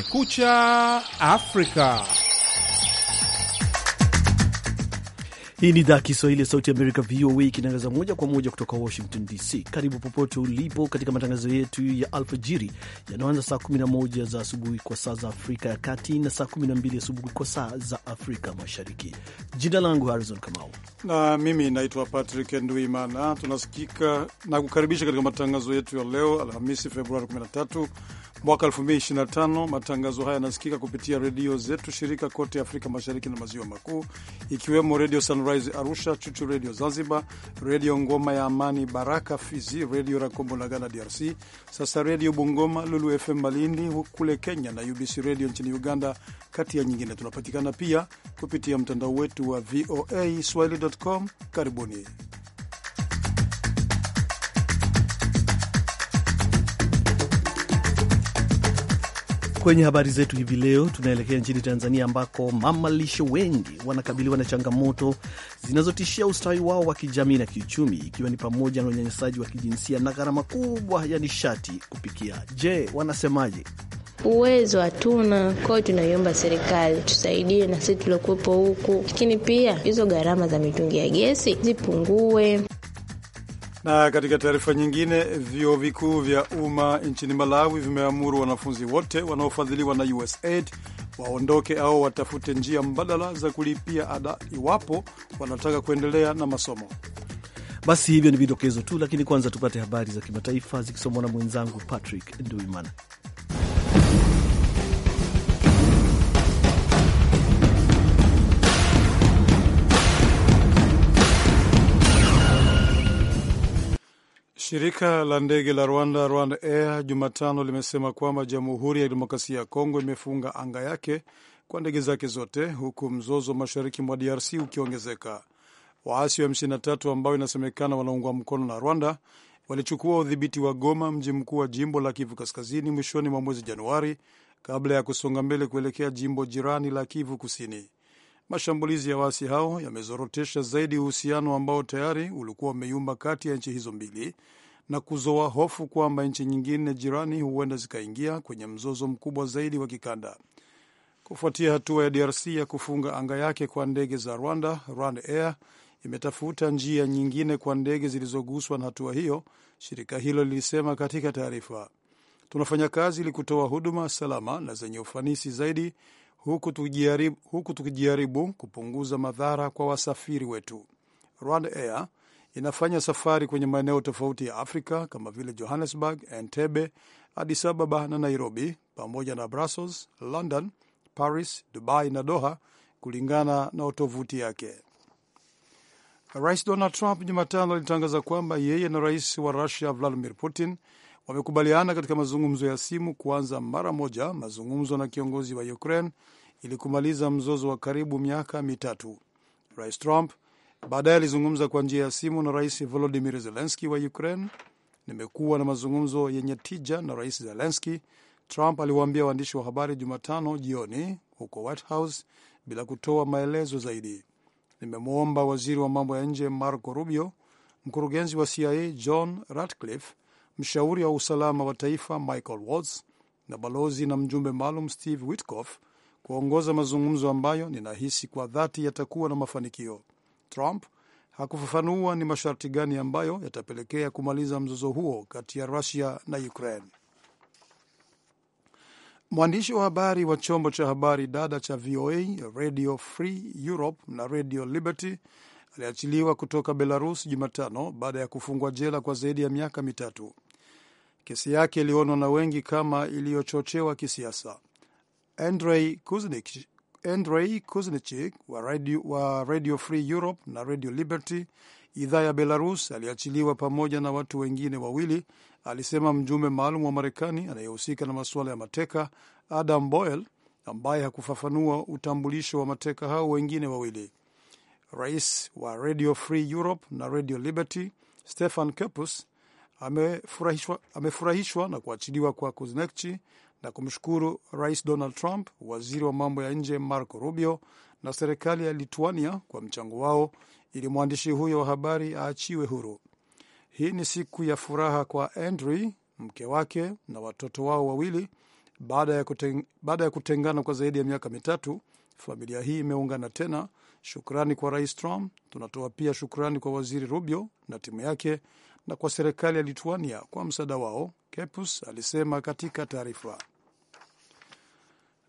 escucha África. Hii ni idhaa ya Kiswahili ya Sauti ya Amerika, VOA, ikitangaza moja kwa moja kutoka Washington DC. Karibu popote ulipo katika matangazo yetu ya alfajiri yanayoanza saa 11 za asubuhi kwa saa za Afrika ya Kati na saa 12 asubuhi kwa saa za Afrika Mashariki. Jina langu Harrison Kamau na mimi naitwa Patrick Nduimana. Tunasikika na kukaribisha katika matangazo yetu ya leo Alhamisi, Februari 13 mwaka 2025. Matangazo haya yanasikika kupitia redio zetu shirika kote Afrika Mashariki na Maziwa Makuu, ikiwemo Redio San Sunrise Arusha, Chuchu Redio Zanzibar, Redio Ngoma ya Amani, Baraka Fizi, Redio Rakombolagana DRC, sasa Redio Bungoma, Lulu FM Malindi kule Kenya na UBC Redio nchini Uganda, kati ya nyingine. Tunapatikana pia kupitia mtandao wetu wa VOA swahili.com. Karibuni. Kwenye habari zetu hivi leo tunaelekea nchini Tanzania ambako mama lishe wengi wanakabiliwa na changamoto zinazotishia ustawi wao wa kijamii na kiuchumi, ikiwa ni pamoja na unyanyasaji wa kijinsia na gharama kubwa ya nishati kupikia. Je, wanasemaje? Uwezo hatuna, kwao, tunaiomba serikali tusaidie na sisi tuliokuwepo huku, lakini pia hizo gharama za mitungi ya gesi zipungue. Na katika taarifa nyingine, vyuo vikuu vya umma nchini Malawi vimeamuru wanafunzi wote wanaofadhiliwa na USAID waondoke au watafute njia mbadala za kulipia ada iwapo wanataka kuendelea na masomo. Basi hivyo ni vidokezo tu, lakini kwanza tupate habari za kimataifa zikisomwa na mwenzangu Patrick Nduimana. Shirika la ndege la Rwanda, Rwanda Air, Jumatano limesema kwamba Jamhuri ya Kidemokrasia ya Kongo imefunga anga yake kwa ndege zake zote, huku mzozo mashariki mwa DRC ukiongezeka. Waasi wa M23 ambao inasemekana wanaungwa mkono na Rwanda walichukua udhibiti wa Goma, mji mkuu wa jimbo la Kivu Kaskazini, mwishoni mwa mwezi Januari, kabla ya kusonga mbele kuelekea jimbo jirani la Kivu Kusini. Mashambulizi ya waasi hao yamezorotesha zaidi uhusiano ambao tayari ulikuwa umeyumba kati ya nchi hizo mbili, na kuzoa hofu kwamba nchi nyingine jirani huenda zikaingia kwenye mzozo mkubwa zaidi wa kikanda. Kufuatia hatua ya DRC ya kufunga anga yake kwa ndege za Rwanda, Rwanda Air imetafuta njia nyingine kwa ndege zilizoguswa na hatua hiyo, shirika hilo lilisema katika taarifa. Tunafanya kazi ili kutoa huduma salama na zenye ufanisi zaidi, huku tukijaribu, huku tukijaribu kupunguza madhara kwa wasafiri wetu. Rwanda Air inafanya safari kwenye maeneo tofauti ya Afrika kama vile Johannesburg, Entebbe, Addis Ababa na Nairobi, pamoja na Brussels, London, Paris, Dubai na Doha, kulingana na tovuti yake. Rais Donald Trump Jumatano alitangaza kwamba yeye na rais wa Rusia Vladimir Putin wamekubaliana katika mazungumzo ya simu kuanza mara moja mazungumzo na kiongozi wa Ukraine ili kumaliza mzozo wa karibu miaka mitatu. Rais Trump Baadaye alizungumza kwa njia ya simu na Rais volodimir zelenski wa Ukraine. Nimekuwa na mazungumzo yenye tija na Rais zelenski Trump aliwaambia waandishi wa habari Jumatano jioni huko White House bila kutoa maelezo zaidi. Nimemwomba waziri wa mambo ya nje Marco Rubio, mkurugenzi wa CIA John Ratcliffe, mshauri wa usalama wa taifa Michael Waltz na balozi na mjumbe maalum Steve Witkoff kuongoza mazungumzo ambayo ninahisi kwa dhati yatakuwa na mafanikio. Trump hakufafanua ni masharti gani ambayo yatapelekea kumaliza mzozo huo kati ya Rusia na Ukraine. Mwandishi wa habari wa chombo cha habari dada cha VOA Radio Free Europe na Radio Liberty aliachiliwa kutoka Belarus Jumatano baada ya kufungwa jela kwa zaidi ya miaka mitatu. Kesi yake ilionwa na wengi kama iliyochochewa kisiasa. Andrei Andrei Kuznichik wa radio, wa Radio Free Europe na Radio Liberty idhaa ya Belarus aliachiliwa pamoja na watu wengine wawili, alisema mjumbe maalum wa Marekani anayehusika na masuala ya mateka Adam Boyle, ambaye hakufafanua utambulisho wa mateka hao wengine wawili. Rais wa Radio Free Europe na Radio Liberty Stefan kepus amefurahishwa na kuachiliwa kwa Kuznichik na kumshukuru Rais Donald Trump, waziri wa mambo ya nje Marco Rubio na serikali ya Lituania kwa mchango wao ili mwandishi huyo wa habari aachiwe huru. Hii ni siku ya furaha kwa Andri, mke wake na watoto wao wawili baada ya, kuteng, baada ya kutengana kwa zaidi ya miaka mitatu. Familia hii imeungana tena. Shukrani kwa Rais Trump. Tunatoa pia shukrani kwa Waziri Rubio na timu yake na kwa serikali ya Lituania kwa msaada wao, Kepus alisema katika taarifa.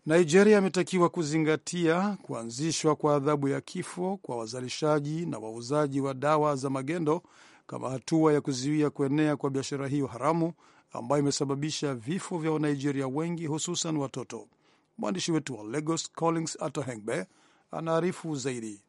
Nigeria ametakiwa kuzingatia kuanzishwa kwa adhabu ya kifo kwa wazalishaji na wauzaji wa dawa za magendo kama hatua ya kuzuia kuenea kwa biashara hiyo haramu ambayo imesababisha vifo vya Wanigeria wengi hususan watoto. Mwandishi wetu wa Lagos Collins Atohengbe anaarifu zaidi.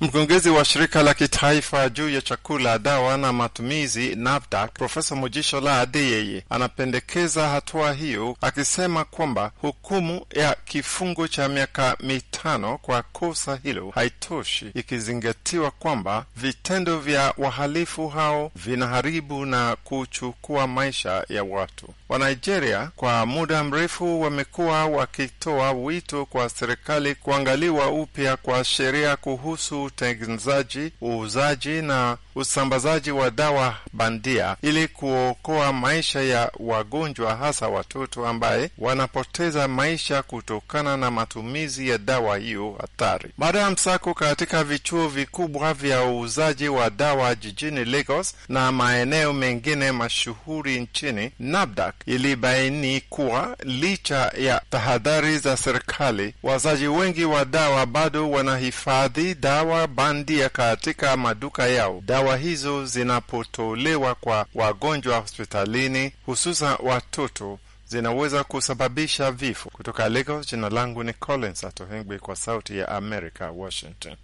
Mkurugenzi wa shirika la kitaifa juu ya chakula, dawa na matumizi NAFDAC, Profesa Mugishola Adeyeye anapendekeza hatua hiyo, akisema kwamba hukumu ya kifungo cha miaka mitano kwa kosa hilo haitoshi, ikizingatiwa kwamba vitendo vya wahalifu hao vinaharibu na kuchukua maisha ya watu wa Nigeria kwa muda mrefu wamekuwa wakitoa wito kwa serikali kuangaliwa upya kwa sheria kuhusu utengenezaji, uuzaji na usambazaji wa dawa bandia ili kuokoa maisha ya wagonjwa, hasa watoto ambaye wanapoteza maisha kutokana na matumizi ya dawa hiyo hatari. Baada ya msako katika vichuo vikubwa vya uuzaji wa dawa jijini Lagos na maeneo mengine mashuhuri nchini, NAFDAC ilibaini kuwa licha ya tahadhari za serikali, wazaji wengi wa dawa bado wanahifadhi dawa bandia katika maduka yao. Dawa hizo zinapotolewa kwa wagonjwa hospitalini, hususan watoto zinaweza kusababisha vifo. Kutoka Lagos, jina langu ni Collins Atohengwi kwa Sauti ya America, Washington.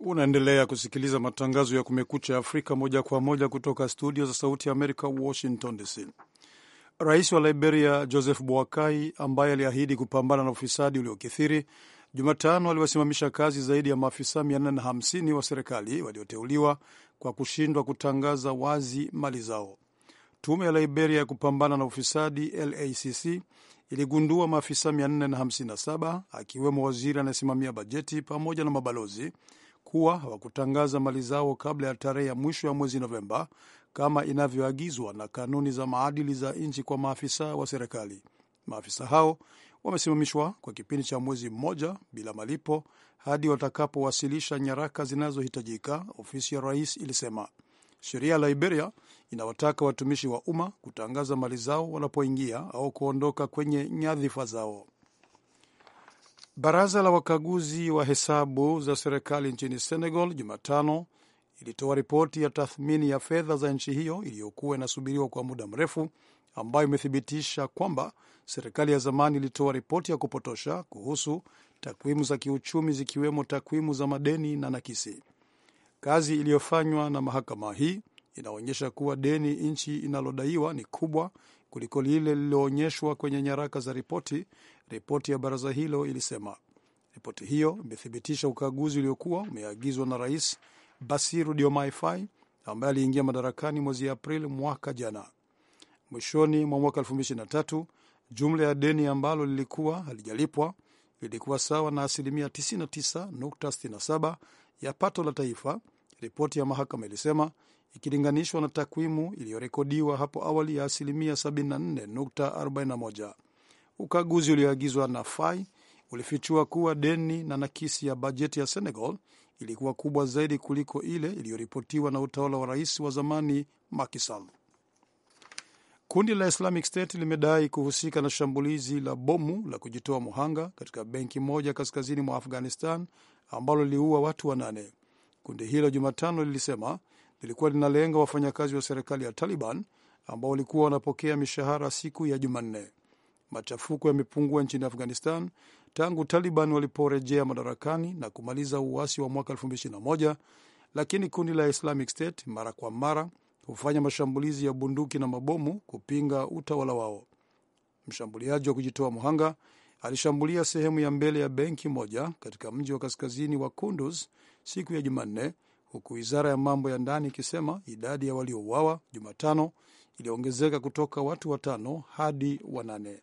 Unaendelea kusikiliza matangazo ya Kumekucha Afrika moja kwa moja kutoka studio za Sauti ya America, Washington DC. Rais wa Liberia Joseph Boakai, ambaye aliahidi kupambana na ufisadi uliokithiri, Jumatano aliwasimamisha kazi zaidi ya maafisa 450 wa serikali walioteuliwa kwa kushindwa kutangaza wazi mali zao. Tume ya Liberia ya kupambana na ufisadi LACC iligundua maafisa 457 akiwemo waziri anayesimamia bajeti pamoja na mabalozi kuwa hawakutangaza mali zao kabla ya tarehe ya mwisho ya mwezi Novemba kama inavyoagizwa na kanuni za maadili za nchi kwa maafisa wa serikali. Maafisa hao wamesimamishwa kwa kipindi cha mwezi mmoja bila malipo hadi watakapowasilisha nyaraka zinazohitajika, ofisi ya rais ilisema. Sheria ya Liberia inawataka watumishi wa umma kutangaza mali zao wanapoingia au kuondoka kwenye nyadhifa zao. Baraza la wakaguzi wa hesabu za serikali nchini Senegal Jumatano ilitoa ripoti ya tathmini ya fedha za nchi hiyo iliyokuwa inasubiriwa kwa muda mrefu, ambayo imethibitisha kwamba serikali ya zamani ilitoa ripoti ya kupotosha kuhusu takwimu za kiuchumi, zikiwemo takwimu za madeni na nakisi. Kazi iliyofanywa na mahakama hii inaonyesha kuwa deni nchi inalodaiwa ni kubwa kuliko lile lililoonyeshwa kwenye nyaraka za ripoti ripoti ya baraza hilo ilisema. Ripoti hiyo imethibitisha ukaguzi uliokuwa umeagizwa na Rais Basiru Diomaye Faye ambaye aliingia madarakani mwezi Aprili mwaka jana. Mwishoni mwa mwaka 2023 jumla ya deni ambalo lilikuwa halijalipwa lilikuwa sawa na asilimia 99.67 ya pato la taifa, ripoti ya mahakama ilisema, ikilinganishwa na takwimu iliyorekodiwa hapo awali ya asilimia 74.41. Ukaguzi ulioagizwa na Fai ulifichua kuwa deni na nakisi ya bajeti ya Senegal ilikuwa kubwa zaidi kuliko ile iliyoripotiwa na utawala wa rais wa zamani Macky Sall. Kundi la Islamic State limedai kuhusika na shambulizi la bomu la kujitoa muhanga katika benki moja kaskazini mwa Afghanistan ambalo liliua watu wanane. Kundi hilo Jumatano lilisema lilikuwa linalenga wafanyakazi wa serikali ya Taliban ambao walikuwa wanapokea mishahara siku ya Jumanne. Machafuko yamepungua nchini Afghanistan tangu Taliban waliporejea madarakani na kumaliza uasi wa mwaka 2021 lakini kundi la Islamic State mara kwa mara hufanya mashambulizi ya bunduki na mabomu kupinga utawala wao. Mshambuliaji wa kujitoa muhanga alishambulia sehemu ya mbele ya benki moja katika mji wa kaskazini wa Kunduz siku ya Jumanne, huku wizara ya mambo ya ndani ikisema idadi ya waliouawa Jumatano iliongezeka kutoka watu watano hadi wanane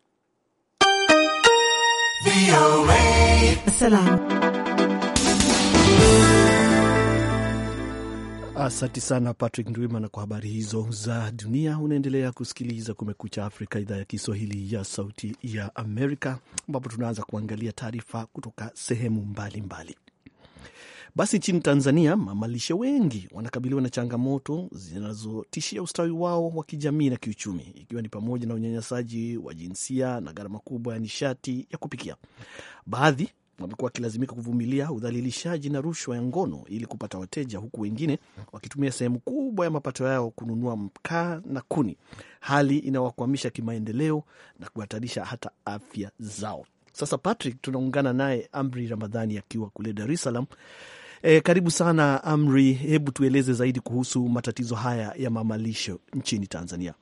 asanti Asante sana Patrick Ndwimana kwa habari hizo za dunia. Unaendelea kusikiliza Kumekucha Afrika, idhaa ya Kiswahili ya Sauti ya Amerika, ambapo tunaanza kuangalia taarifa kutoka sehemu mbalimbali mbali. Basi nchini Tanzania, mamalishe wengi wanakabiliwa na changamoto zinazotishia ustawi wao wa kijamii na kiuchumi, ikiwa ni pamoja na unyanyasaji wa jinsia na gharama kubwa ya nishati ya kupikia. Baadhi wamekuwa wakilazimika kuvumilia udhalilishaji na rushwa ya ngono ili kupata wateja, huku wengine wakitumia sehemu kubwa ya mapato yao kununua mkaa na kuni, hali inawakwamisha kimaendeleo na kuhatarisha hata afya zao. Sasa Patrick, tunaungana naye Amri Ramadhani akiwa kule Dar es Salaam E, karibu sana Amri, hebu tueleze zaidi kuhusu matatizo haya ya mamalisho nchini Tanzania.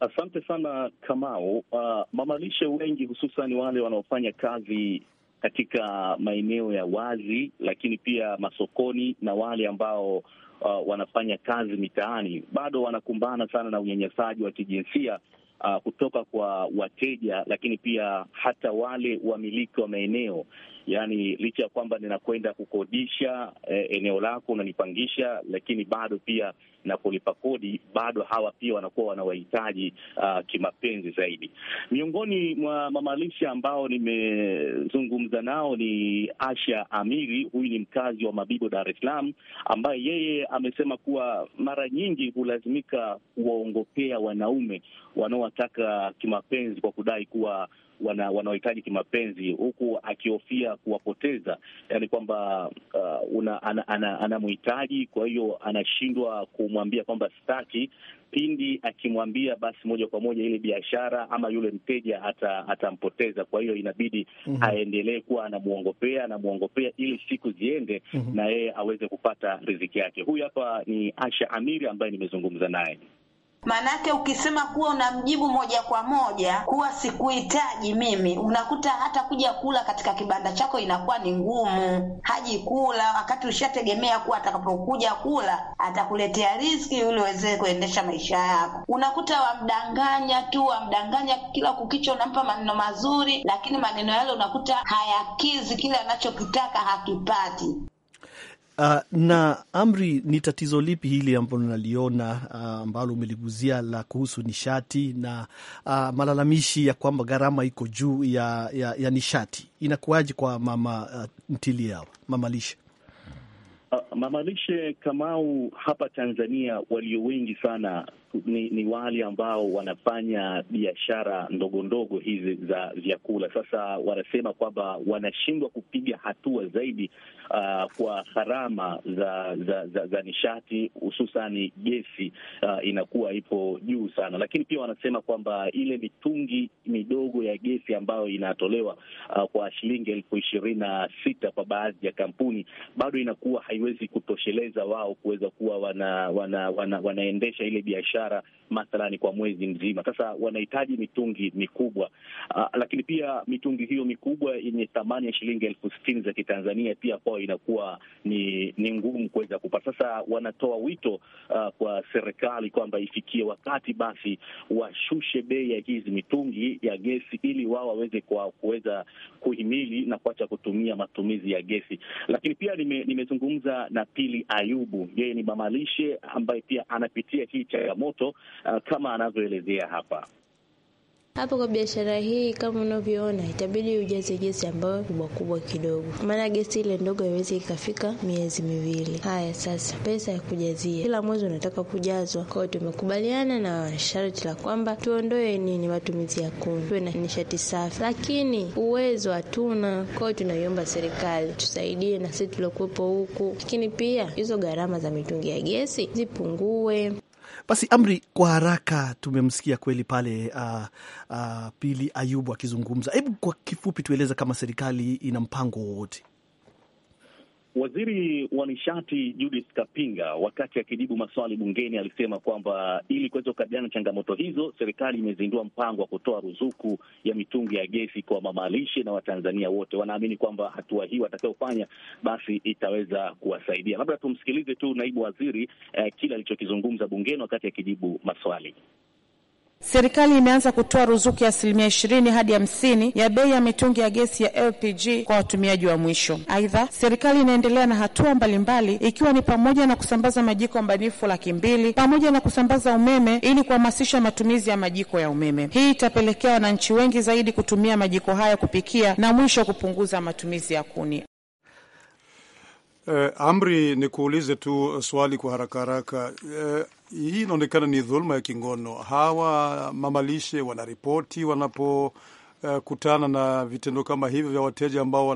Asante sana Kamau. Uh, ah, mamalisho wengi hususan wale wanaofanya kazi katika maeneo ya wazi, lakini pia masokoni na wale ambao uh, wanafanya kazi mitaani bado wanakumbana sana na unyanyasaji wa kijinsia uh, kutoka kwa wateja, lakini pia hata wale wamiliki wa maeneo yaani licha ya kwamba ninakwenda kukodisha eh, eneo lako unanipangisha, lakini bado pia kulipa kodi bado hawa pia wanakuwa wanawahitaji uh, kimapenzi zaidi. Miongoni mwa mamalisha ambao nimezungumza nao ni Asha Amiri, huyu ni mkazi wa Mabibo, Dar es Salaam, ambaye yeye amesema kuwa mara nyingi hulazimika kuwaongopea wanaume wanaowataka kimapenzi kwa kudai kuwa wana, wanaohitaji kimapenzi, huku akihofia kuwapoteza, yani kwamba uh, anamhitaji ana, ana kwa hiyo anashindwa kumwambia kwamba staki. Pindi akimwambia basi, moja kwa moja ile biashara ama yule mteja atampoteza, ata kwa hiyo inabidi mm -hmm. aendelee kuwa anamwongopea anamwongopea ili siku ziende mm -hmm. na yeye aweze kupata riziki yake. Huyu hapa ni Asha Amiri ambaye nimezungumza naye. Manake ukisema kuwa unamjibu moja kwa moja kuwa sikuhitaji mimi, unakuta hata kuja kula katika kibanda chako inakuwa ni ngumu. Haji kula wakati ushategemea kuwa atakapokuja kula atakuletea riziki ili uweze kuendesha maisha yako. Unakuta wamdanganya tu, wamdanganya kila kukicha, unampa maneno mazuri, lakini maneno yale unakuta hayakizi kile anachokitaka, hakipati. Uh, na Amri, ni tatizo lipi hili ambalo naliona uh, ambalo umeliguzia la kuhusu nishati na uh, malalamishi ya kwamba gharama iko juu ya, ya, ya nishati inakuwaje kwa mama uh, ntili yao mama lishe uh, mama lishe Kamau, hapa Tanzania walio wengi sana ni, ni wale ambao wanafanya biashara ndogo ndogo hizi za vyakula. Sasa wanasema kwamba wanashindwa kupiga hatua zaidi uh, kwa gharama za, za, za, za nishati hususani gesi uh, inakuwa ipo juu sana, lakini pia wanasema kwamba ile mitungi midogo ya gesi ambayo inatolewa uh, kwa shilingi elfu ishirini na sita kwa baadhi ya kampuni bado inakuwa haiwezi kutosheleza wao kuweza kuwa wana, wana, wana, wanaendesha ile biashara biashara mathalani kwa mwezi mzima. Sasa wanahitaji mitungi mikubwa uh, lakini pia mitungi hiyo mikubwa yenye thamani ya shilingi elfu sitini za Kitanzania pia kwao inakuwa ni ni ngumu kuweza kupata. Sasa wanatoa wito uh, kwa serikali kwamba ifikie wakati basi washushe bei ya hizi mitungi ya gesi ili wao waweze kuweza kuhimili na kuacha kutumia matumizi ya gesi. Lakini pia nime, nimezungumza na Pili Ayubu, yeye ni mamalishe ambaye pia anapitia hii changamoto moto uh, kama anavyoelezea hapa hapo kwa biashara hii, kama unavyoona, itabidi ujaze gesi ambayo kubwa kubwa kidogo, maana gesi ile ndogo haiwezi ikafika miezi miwili. Haya, sasa pesa ya kujazia kila mwezi unataka kujazwa. kwao. tumekubaliana na sharti la kwamba tuondoe nini, matumizi ya kuni, tuwe na nishati safi, lakini uwezo hatuna. kwao tunaiomba serikali tusaidie na sisi tuliokuwepo huku, lakini pia hizo gharama za mitungi ya gesi zipungue. Basi Amri, kwa haraka tumemsikia kweli pale uh, uh, Pili Ayubu akizungumza. Hebu kwa kifupi tueleze kama serikali ina mpango wowote Waziri wa nishati Judith Kapinga, wakati akijibu maswali bungeni, alisema kwamba ili kuweza kukabiliana na changamoto hizo, serikali imezindua mpango wa kutoa ruzuku ya mitungi ya gesi kwa mamalishe na Watanzania wote. Wanaamini kwamba hatua hii watakayofanya basi itaweza kuwasaidia. Labda tumsikilize tu naibu waziri eh, kile alichokizungumza bungeni wakati akijibu maswali. Serikali imeanza kutoa ruzuku ya asilimia ishirini hadi hamsini ya bei ya mitungi ya gesi ya LPG kwa watumiaji wa mwisho. Aidha, serikali inaendelea na hatua mbalimbali mbali, ikiwa ni pamoja na kusambaza majiko mbanifu laki mbili pamoja na kusambaza umeme ili kuhamasisha matumizi ya majiko ya umeme. Hii itapelekea wananchi wengi zaidi kutumia majiko haya kupikia na mwisho kupunguza matumizi ya kuni. Eh, Amri, ni kuulize tu swali kwa haraka haraka eh, hii inaonekana ni dhuluma ya kingono. Hawa mamalishe wanaripoti wanapo uh, kutana na vitendo kama hivyo vya wateja ambao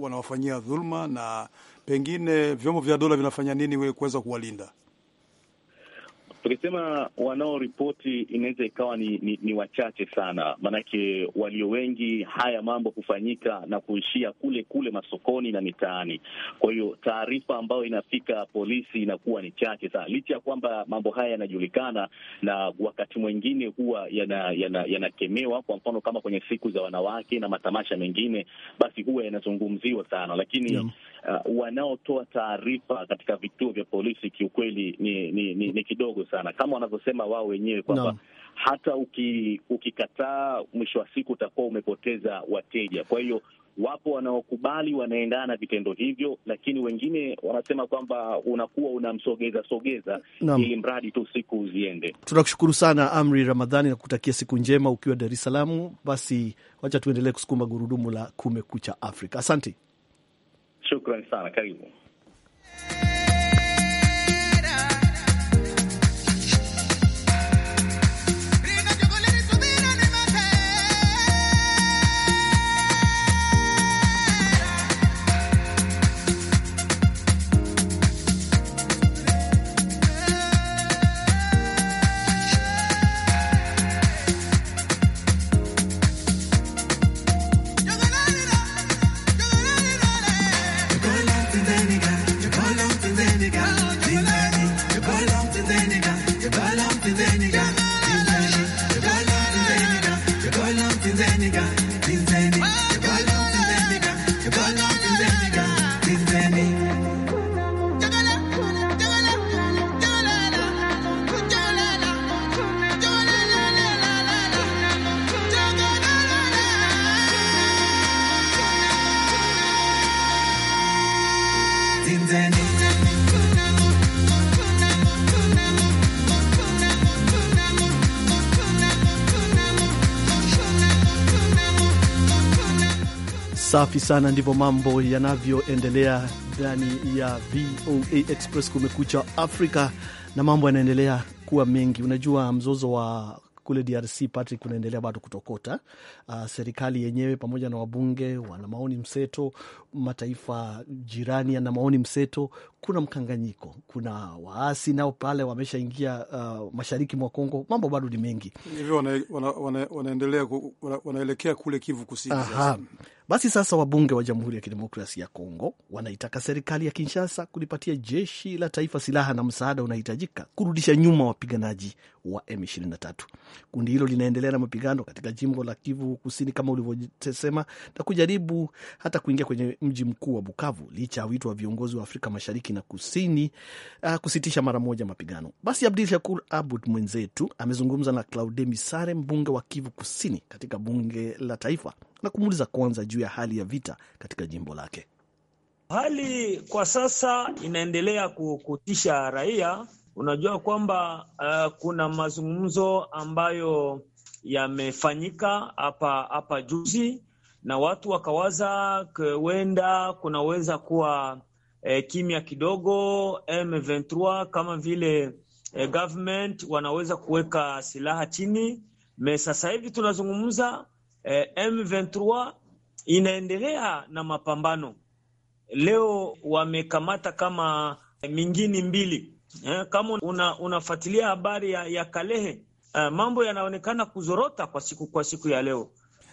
wanawafanyia dhuluma, na pengine vyombo vya dola vinafanya nini we kuweza kuwalinda? tukisema wanaoripoti inaweza ikawa ni, ni, ni wachache sana, maanake walio wengi haya mambo kufanyika na kuishia kule kule masokoni na mitaani. Kwa hiyo taarifa ambayo inafika polisi inakuwa ni chache sana, licha ya kwamba mambo haya yanajulikana na wakati mwingine huwa yanakemewa yana, yana kwa mfano kama kwenye siku za wanawake na matamasha mengine, basi huwa yanazungumziwa sana, lakini yeah uh, wanaotoa taarifa katika vituo vya polisi kiukweli ni, ni, ni, ni kidogo sana, kama wanavyosema wao wenyewe kwamba no hata uki, ukikataa mwisho wa siku utakuwa umepoteza wateja. Kwa hiyo wapo wanaokubali wanaendana na vitendo hivyo, lakini wengine wanasema kwamba unakuwa unamsogeza sogeza ili mradi tu siku ziende. Tunakushukuru sana Amri Ramadhani na kutakia siku njema ukiwa Dar es Salaam. Basi wacha tuendelee kusukuma gurudumu la Kumekucha Afrika. Asante. Shukran sana, karibu. Safi sana, ndivyo mambo yanavyoendelea ndani ya VOA Express, kumekucha Afrika, na mambo yanaendelea kuwa mengi. Unajua mzozo wa kule DRC Patrick, unaendelea bado kutokota. Uh, serikali yenyewe pamoja na wabunge wana maoni mseto, mataifa jirani yana maoni mseto. Kuna mkanganyiko, kuna waasi nao pale wameshaingia uh, mashariki mwa Kongo. Mambo bado ni mengi hivyo, wana, wana kule Kivu Kusini. Basi sasa wabunge wa Jamhuri ya Kidemokrasia ya Kongo wanaitaka serikali ya Kinshasa kulipatia jeshi la taifa silaha na msaada unahitajika kurudisha nyuma wapiganaji wa M23. Kundi hilo linaendelea na mapigano katika jimbo la Kivu Kusini kama ulivyosema, na kujaribu hata kuingia kwenye mji mkuu wa Bukavu licha ya wito wa viongozi wa Afrika Mashariki na Kusini uh, kusitisha mara moja mapigano. Basi Abdul Shakur Abud mwenzetu amezungumza na Claude Misare, mbunge wa Kivu Kusini katika bunge la taifa na kumuuliza kwanza juu ya hali ya vita katika jimbo lake. Hali kwa sasa inaendelea kutisha raia. Unajua kwamba uh, kuna mazungumzo ambayo yamefanyika hapa hapa juzi na watu wakawaza kuenda kunaweza kuwa eh, kimya kidogo M23 kama vile eh, government wanaweza kuweka silaha chini. Me sasa hivi tunazungumza eh, M23 inaendelea na mapambano leo, wamekamata kama mingini mbili eh, kama una, unafuatilia habari ya, ya Kalehe eh, mambo yanaonekana kuzorota kwa siku kwa siku ya leo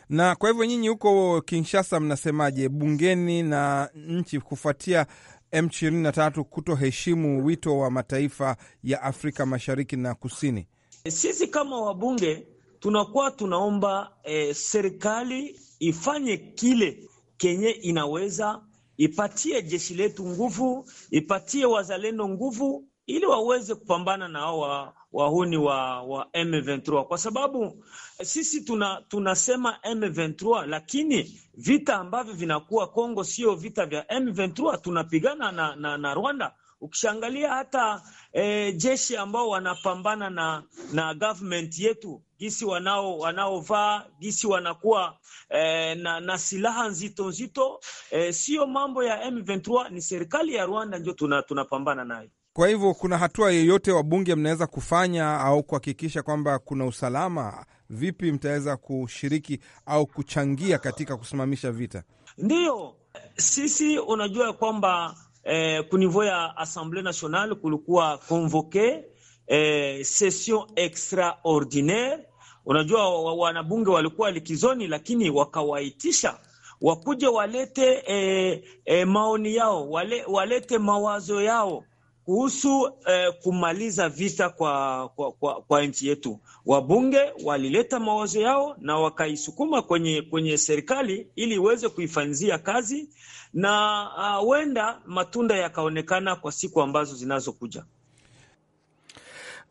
na kwa hivyo nyinyi huko Kinshasa mnasemaje bungeni na nchi kufuatia M23 kutoheshimu wito wa mataifa ya Afrika Mashariki na Kusini? Eh, sisi kama wabunge tunakuwa tunaomba eh, serikali ifanye kile kenye inaweza ipatie jeshi letu nguvu, ipatie wazalendo nguvu, ili waweze kupambana na hao wahuni wa, wa M23, kwa sababu eh, sisi tuna, tunasema M23, lakini vita ambavyo vinakuwa Kongo sio vita vya M23. Tunapigana na, na, na Rwanda. Ukishangalia hata eh, jeshi ambao wanapambana na, na government yetu gisi wanao wanaovaa gisi wanakuwa eh, na, na silaha nzito nzito eh, siyo mambo ya M23, ni serikali ya Rwanda ndio tunapambana tuna nayo. Kwa hivyo kuna hatua yoyote wabunge mnaweza kufanya au kuhakikisha kwamba kuna usalama? Vipi mtaweza kushiriki au kuchangia katika kusimamisha vita? Ndiyo sisi unajua kwamba eh, kunivo ya Assemblée Nationale kulikuwa convoke eh, session extraordinaire Unajua wanabunge walikuwa likizoni, lakini wakawaitisha wakuja walete e, e, maoni yao wale, walete mawazo yao kuhusu e, kumaliza vita kwa, kwa, kwa, kwa nchi yetu. Wabunge walileta mawazo yao na wakaisukuma kwenye, kwenye serikali ili iweze kuifanzia kazi na huenda uh, matunda yakaonekana kwa siku ambazo zinazokuja.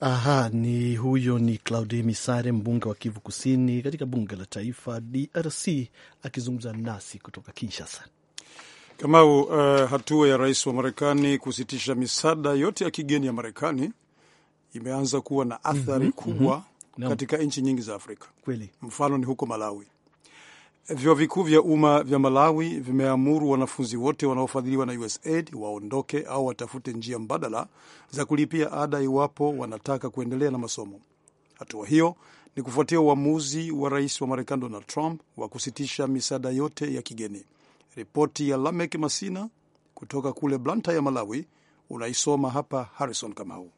Aha, ni huyo ni Claude Misare, mbunge wa Kivu Kusini katika bunge la taifa DRC, akizungumza nasi kutoka Kinshasa. Kamau, uh, hatua ya rais wa Marekani kusitisha misaada yote ya kigeni ya Marekani imeanza kuwa na athari mm -hmm, kubwa mm -hmm. katika nchi nyingi za Afrika. Kweli. Mfano ni huko Malawi Vyuo vikuu vya umma vya Malawi vimeamuru wanafunzi wote wanaofadhiliwa na USAID waondoke au watafute njia mbadala za kulipia ada iwapo wanataka kuendelea na masomo. Hatua hiyo ni kufuatia uamuzi wa rais wa Marekani Donald Trump wa kusitisha misaada yote ya kigeni. Ripoti ya Lamek Masina kutoka kule Blanta ya Malawi unaisoma hapa Harrison Kamau.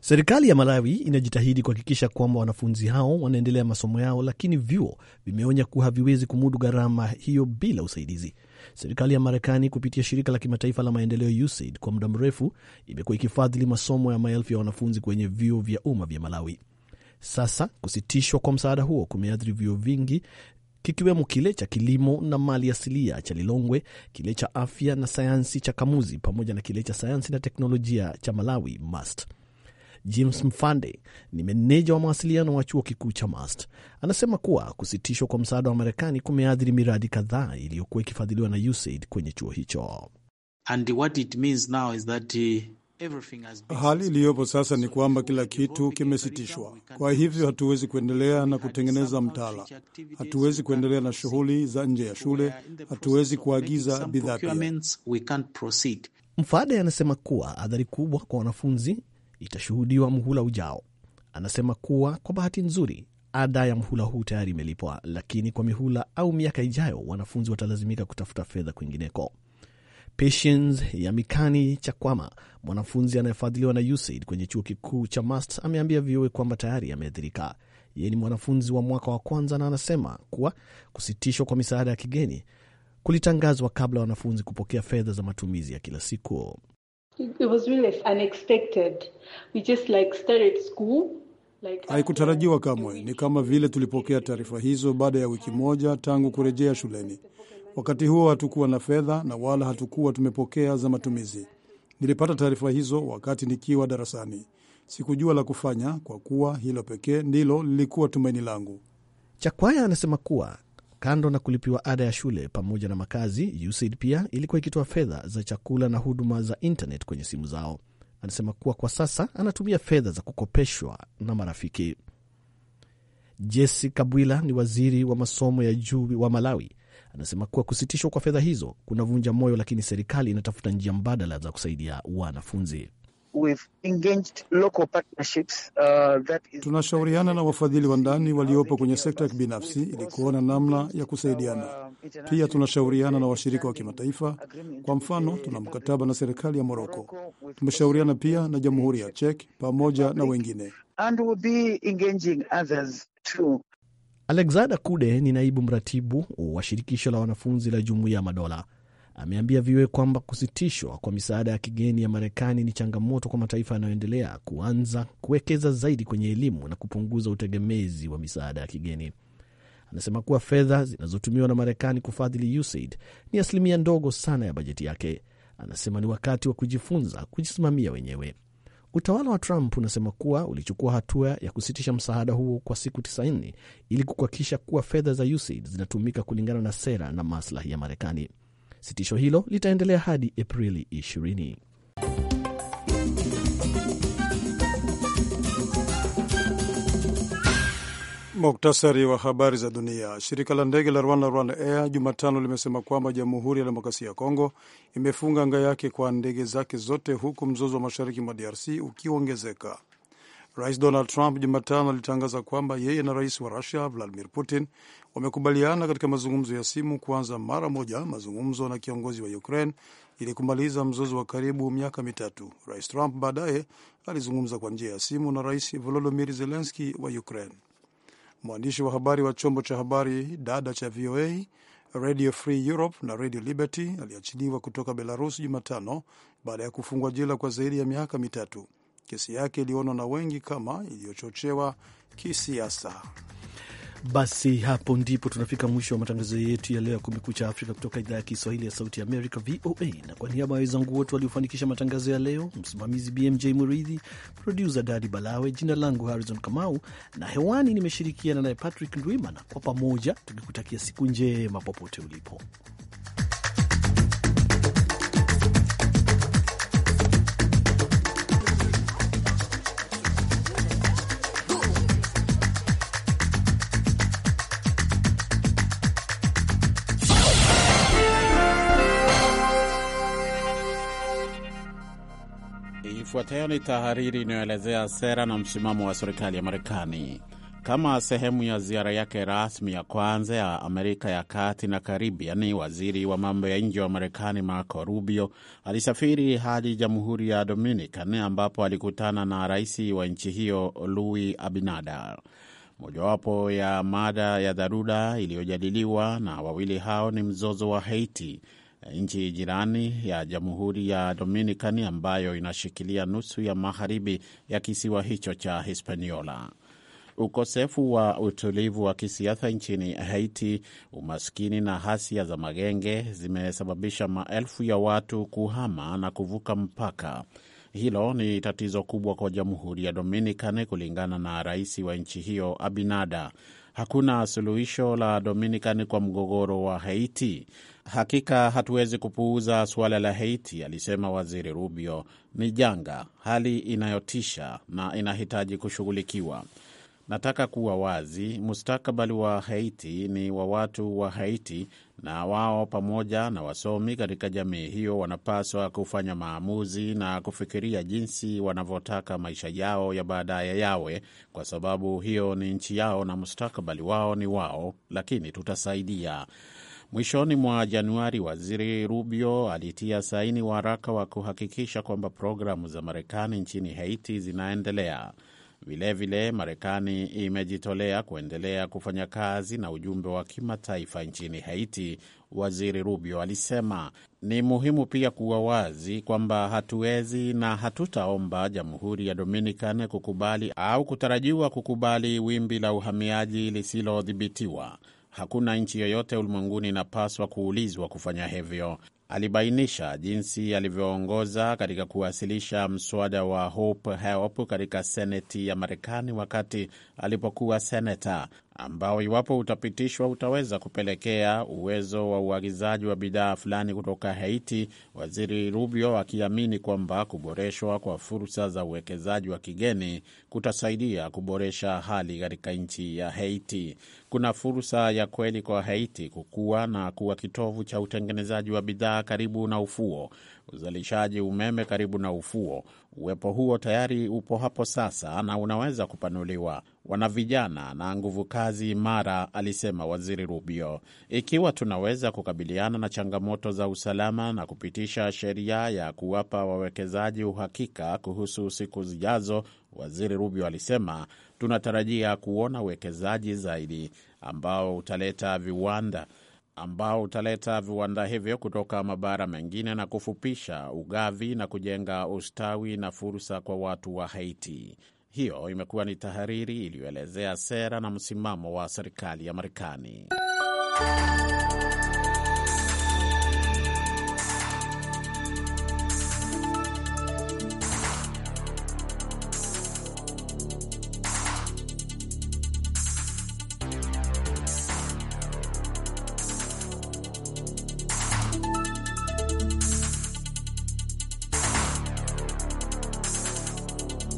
Serikali ya Malawi inajitahidi kuhakikisha kwamba wanafunzi hao wanaendelea masomo yao, lakini vyuo vimeonya kuwa haviwezi kumudu gharama hiyo bila usaidizi. Serikali ya Marekani kupitia shirika la kimataifa la maendeleo USAID kwa muda mrefu imekuwa ikifadhili masomo ya maelfu ya wanafunzi kwenye vyuo vya umma vya Malawi. Sasa kusitishwa kwa msaada huo kumeathiri vyuo vingi kikiwemo kile cha kilimo na mali asilia cha Lilongwe, kile cha afya na sayansi cha Kamuzi pamoja na kile cha sayansi na teknolojia cha Malawi MUST. James Mfande ni meneja wa mawasiliano wa chuo kikuu cha Mast, anasema kuwa kusitishwa kwa msaada wa Marekani kumeathiri miradi kadhaa iliyokuwa ikifadhiliwa na USAID kwenye chuo hicho. And what it means now is that uh, Hali iliyopo sasa ni kwamba kila kitu kimesitishwa. Kwa hivyo hatuwezi kuendelea na kutengeneza mtaala, hatuwezi kuendelea na shughuli za nje ya shule, hatuwezi kuagiza bidhaa pia. Mfade anasema kuwa athari kubwa kwa wanafunzi itashuhudiwa mhula ujao. Anasema kuwa kwa bahati nzuri ada ya mhula huu tayari imelipwa, lakini kwa mihula au miaka ijayo wanafunzi watalazimika kutafuta fedha kwingineko. Patience Yamikani Chakwama, mwanafunzi anayefadhiliwa na USAID kwenye chuo kikuu cha Mast, ameambia VOA kwamba tayari ameathirika. Yeye ni mwanafunzi wa mwaka wa kwanza na anasema kuwa kusitishwa kwa misaada ya kigeni kulitangazwa kabla wanafunzi kupokea fedha za matumizi ya kila siku. Haikutarajiwa like Haikutarajiwa kamwe. Ni kama vile tulipokea taarifa hizo baada ya wiki moja tangu kurejea shuleni. Wakati huo hatukuwa na fedha na wala hatukuwa tumepokea za matumizi. Nilipata taarifa hizo wakati nikiwa darasani. Sikujua la kufanya, kwa kuwa hilo pekee ndilo lilikuwa tumaini langu. Chakwaya anasema kuwa Kando na kulipiwa ada ya shule pamoja na makazi, USAID pia ilikuwa ikitoa fedha za chakula na huduma za internet kwenye simu zao. Anasema kuwa kwa sasa anatumia fedha za kukopeshwa na marafiki. Jesse Kabwila ni waziri wa masomo ya juu wa Malawi. Anasema kuwa kusitishwa kwa fedha hizo kunavunja moyo, lakini serikali inatafuta njia mbadala za kusaidia wanafunzi uh, Tunashauriana na wafadhili wa ndani waliopo kwenye sekta ya kibinafsi ili kuona namna ya kusaidiana. Pia tunashauriana na washirika wa kimataifa. Kwa mfano, tuna mkataba na serikali ya Moroko. Tumeshauriana pia na Jamhuri ya Chek pamoja na wengine. Alexander Kude ni naibu mratibu wa shirikisho la wanafunzi la Jumuiya ya Madola ameambia viwe kwamba kusitishwa kwa misaada ya kigeni ya Marekani ni changamoto kwa mataifa yanayoendelea kuanza kuwekeza zaidi kwenye elimu na kupunguza utegemezi wa misaada ya kigeni. Anasema kuwa fedha zinazotumiwa na Marekani kufadhili USAID ni asilimia ndogo sana ya bajeti yake. Anasema ni wakati wa kujifunza kujisimamia wenyewe. Utawala wa Trump unasema kuwa ulichukua hatua ya kusitisha msaada huo kwa siku 90 ili kuhakikisha kuwa fedha za USAID zinatumika kulingana na sera na maslahi ya Marekani. Sitisho hilo litaendelea hadi Aprili 20. Muktasari wa habari za dunia. Shirika la ndege la Rwanda, Rwanda Air, Jumatano limesema kwamba Jamhuri ya Demokrasia ya Kongo imefunga anga yake kwa ndege zake zote, huku mzozo wa mashariki mwa DRC ukiongezeka. Rais Donald Trump Jumatano alitangaza kwamba yeye na rais wa Rusia Vladimir Putin wamekubaliana katika mazungumzo ya simu kuanza mara moja mazungumzo na kiongozi wa Ukraine ili kumaliza mzozo wa karibu miaka mitatu. Rais Trump baadaye alizungumza kwa njia ya simu na rais Volodymyr Zelenski wa Ukraine. Mwandishi wa habari wa chombo cha habari dada cha VOA Radio Free Europe na Radio Liberty aliachiliwa kutoka Belarus Jumatano baada ya kufungwa jela kwa zaidi ya miaka mitatu. Kesi yake ilionwa na wengi kama iliyochochewa kisiasa. Basi hapo ndipo tunafika mwisho wa matangazo yetu ya leo ya Kumekucha Afrika kutoka idhaa ya Kiswahili ya Sauti ya Amerika, VOA. Na kwa niaba ya wenzangu wote waliofanikisha matangazo ya leo, msimamizi BMJ Muridhi, produsa Dadi Balawe, jina langu Harrison Kamau na hewani nimeshirikiana naye Patrick Ndwimana, kwa pamoja tukikutakia siku njema popote ulipo. Ifuatayo ni tahariri inayoelezea sera na msimamo wa serikali ya Marekani. Kama sehemu ya ziara yake rasmi ya kwanza ya Amerika ya Kati na Karibiani, waziri wa mambo ya nje wa Marekani Marco Rubio alisafiri hadi Jamhuri ya Dominican ambapo alikutana na rais wa nchi hiyo Luis abinada Mojawapo ya mada ya dharura iliyojadiliwa na wawili hao ni mzozo wa Haiti nchi jirani ya Jamhuri ya Dominican ambayo inashikilia nusu ya magharibi ya kisiwa hicho cha Hispaniola. Ukosefu wa utulivu wa kisiasa nchini Haiti, umaskini na hasia za magenge zimesababisha maelfu ya watu kuhama na kuvuka mpaka. Hilo ni tatizo kubwa kwa Jamhuri ya Dominicani, kulingana na rais wa nchi hiyo Abinada hakuna suluhisho la Dominican kwa mgogoro wa Haiti. Hakika hatuwezi kupuuza suala la Haiti, alisema Waziri Rubio. Ni janga, hali inayotisha na inahitaji kushughulikiwa. Nataka kuwa wazi, mustakabali wa Haiti ni wa watu wa Haiti, na wao pamoja na wasomi katika jamii hiyo wanapaswa kufanya maamuzi na kufikiria jinsi wanavyotaka maisha yao ya baadaye yawe, kwa sababu hiyo ni nchi yao na mustakabali wao ni wao, lakini tutasaidia. Mwishoni mwa Januari, waziri Rubio alitia saini waraka wa kuhakikisha kwamba programu za Marekani nchini Haiti zinaendelea. Vilevile, Marekani imejitolea kuendelea kufanya kazi na ujumbe wa kimataifa nchini Haiti, Waziri Rubio alisema. Ni muhimu pia kuwa wazi kwamba hatuwezi na hatutaomba Jamhuri ya Dominican kukubali au kutarajiwa kukubali wimbi la uhamiaji lisilodhibitiwa. Hakuna nchi yoyote ulimwenguni inapaswa kuulizwa kufanya hivyo alibainisha jinsi alivyoongoza katika kuwasilisha mswada wa Hope Help katika seneti ya Marekani wakati alipokuwa seneta ambao iwapo utapitishwa utaweza kupelekea uwezo wa uagizaji wa bidhaa fulani kutoka Haiti, Waziri Rubio akiamini kwamba kuboreshwa kwa fursa za uwekezaji wa kigeni kutasaidia kuboresha hali katika nchi ya Haiti. Kuna fursa ya kweli kwa Haiti kukua na kuwa kitovu cha utengenezaji wa bidhaa karibu na ufuo uzalishaji umeme karibu na ufuo. Uwepo huo tayari upo hapo sasa na unaweza kupanuliwa. Wana vijana na nguvu kazi imara, alisema Waziri Rubio. Ikiwa tunaweza kukabiliana na changamoto za usalama na kupitisha sheria ya kuwapa wawekezaji uhakika kuhusu siku zijazo, Waziri Rubio alisema, tunatarajia kuona uwekezaji zaidi ambao utaleta viwanda ambao utaleta viwanda hivyo kutoka mabara mengine na kufupisha ugavi na kujenga ustawi na fursa kwa watu wa Haiti. Hiyo imekuwa ni tahariri iliyoelezea sera na msimamo wa serikali ya Marekani.